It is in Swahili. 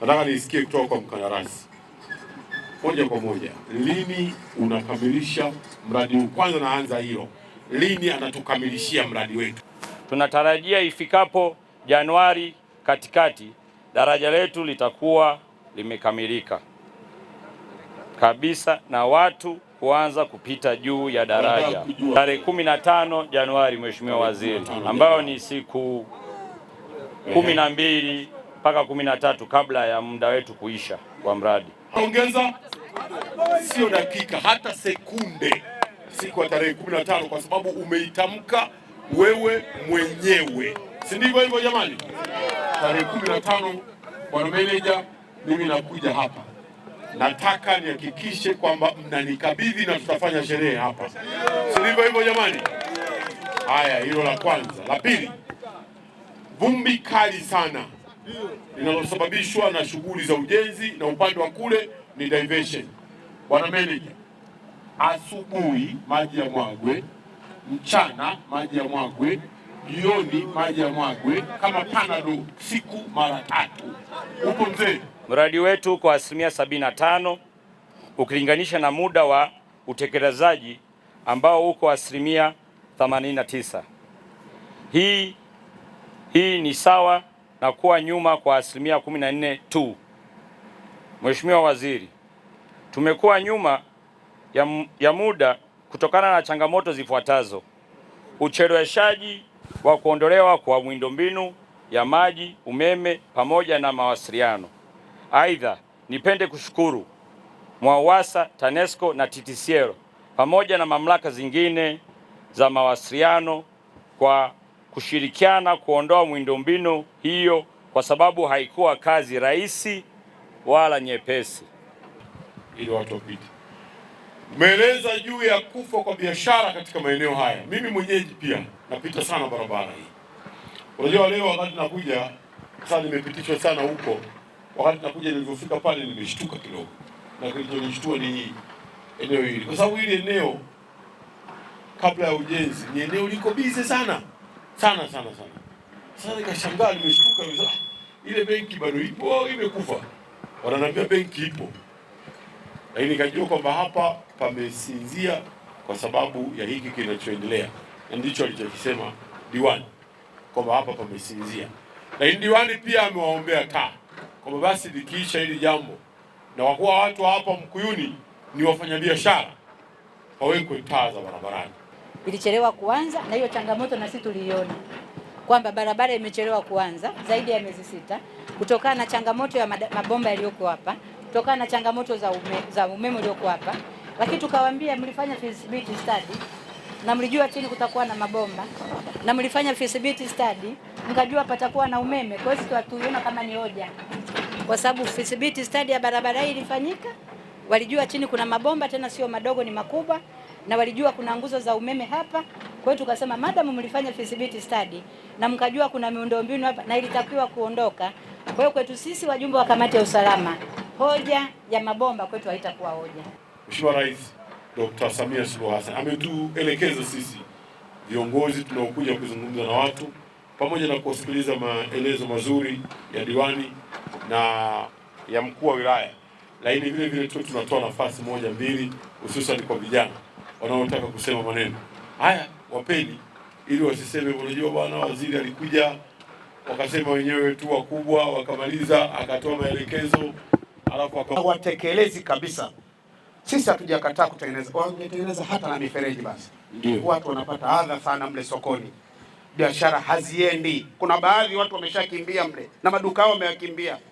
Nataka nisikie kutoka kwa mkandarasi moja kwa moja, lini unakamilisha mradi huu? Kwanza naanza hiyo, lini anatukamilishia mradi wetu? Tunatarajia ifikapo Januari katikati daraja letu litakuwa limekamilika kabisa na watu kuanza kupita juu ya daraja tarehe kumi na tano Januari, Mheshimiwa Waziri, ambayo ni siku kumi na mbili mpaka kumi na tatu kabla ya muda wetu kuisha wa mradi. Ongeza sio dakika hata sekunde siku ya tarehe 15 kwa sababu umeitamka wewe mwenyewe, si ndivyo hivyo jamani? Tarehe 15, bwana meneja, mimi nakuja hapa, nataka nihakikishe kwamba mnanikabidhi na tutafanya sherehe hapa, si ndivyo hivyo jamani? Haya, hilo la kwanza. La pili, vumbi kali sana linalosababishwa na shughuli za ujenzi na upande wa kule ni diversion. Bwana meneja, asubuhi maji ya mwagwe, mchana maji ya mwagwe, jioni maji ya mwagwe, kama panado siku mara tatu. Upo mzee? Mradi wetu kwa asilimia 75 ukilinganisha na muda wa utekelezaji ambao uko asilimia 89. Hii hii ni sawa na kuwa nyuma kwa asilimia 14 tu. Mheshimiwa Waziri, tumekuwa nyuma ya, ya muda kutokana na changamoto zifuatazo: ucheleweshaji wa kuondolewa kwa miundombinu ya maji, umeme pamoja na mawasiliano. Aidha, nipende kushukuru MWAUWASA, TANESCO na TTCL pamoja na mamlaka zingine za mawasiliano kwa kushirikiana kuondoa miundombinu hiyo, kwa sababu haikuwa kazi rahisi wala nyepesi ili watu wapite. Umeeleza juu ya kufa kwa biashara katika maeneo haya. Mimi mwenyeji pia napita sana barabara hii. Unajua, leo wakati nakuja sasa, nimepitishwa sana huko. Wakati nakuja, nilivyofika pale nimeshtuka kidogo, na kilichonishtua ni eneo hili, kwa sababu hili eneo kabla ya ujenzi ni eneo liko bize sana sana sana sana. Sasa nikashangaa, nimeshtuka, nimesema ile benki bado ipo au imekufa? Wananiambia benki ipo, lakini nikajua kwamba hapa pamesinzia kwa sababu ya hiki kinachoendelea, na ndicho alichokisema diwani kwamba hapa pamesinzia. Lakini diwani pia amewaombea taa kwamba basi likiisha hili jambo, na wakuwa watu hapa Mkuyuni ni wafanyabiashara, wawekwe taa za barabarani ilichelewa kuanza, na hiyo changamoto na sisi tuliiona kwamba barabara imechelewa kuanza zaidi ya miezi sita kutokana na changamoto ya mabomba yaliyoko hapa, kutokana na changamoto za, ume, za umeme uliokuwa hapa, lakini tukawaambia mlifanya feasibility study na mlijua chini kutakuwa na mabomba na mlifanya feasibility study mkajua patakuwa na umeme. Kwa hiyo hatuiona kama ni hoja, kwa sababu feasibility study ya barabara hii ilifanyika Walijua chini kuna mabomba tena sio madogo, ni makubwa, na walijua kuna nguzo za umeme hapa. Kwa hiyo tukasema, madam mlifanya feasibility study na mkajua kuna miundombinu hapa na ilitakiwa kuondoka. Kwa hiyo kwetu sisi wajumbe wa kamati ya usalama, hoja ya mabomba kwetu haitakuwa hoja. Mheshimiwa Rais Dr. Samia Suluhu Hassan ametuelekeza sisi viongozi tunaokuja kuzungumza na watu pamoja na kusikiliza maelezo mazuri ya diwani na ya mkuu wa wilaya lakini vile vile tu tunatoa nafasi moja mbili, hususan kwa vijana wanaotaka kusema maneno haya, wapeni ili wasiseme, unajua bwana waziri alikuja, wakasema wenyewe tu wakubwa, wakamaliza akatoa maelekezo alafu hawatekelezi kabisa. Sisi hatujakataa kutengeneza, wangetengeneza hata na mifereji basi. Ndiyo. Watu wanapata adha sana mle sokoni, biashara haziendi. Kuna baadhi watu wameshakimbia mle na maduka yao wameyakimbia.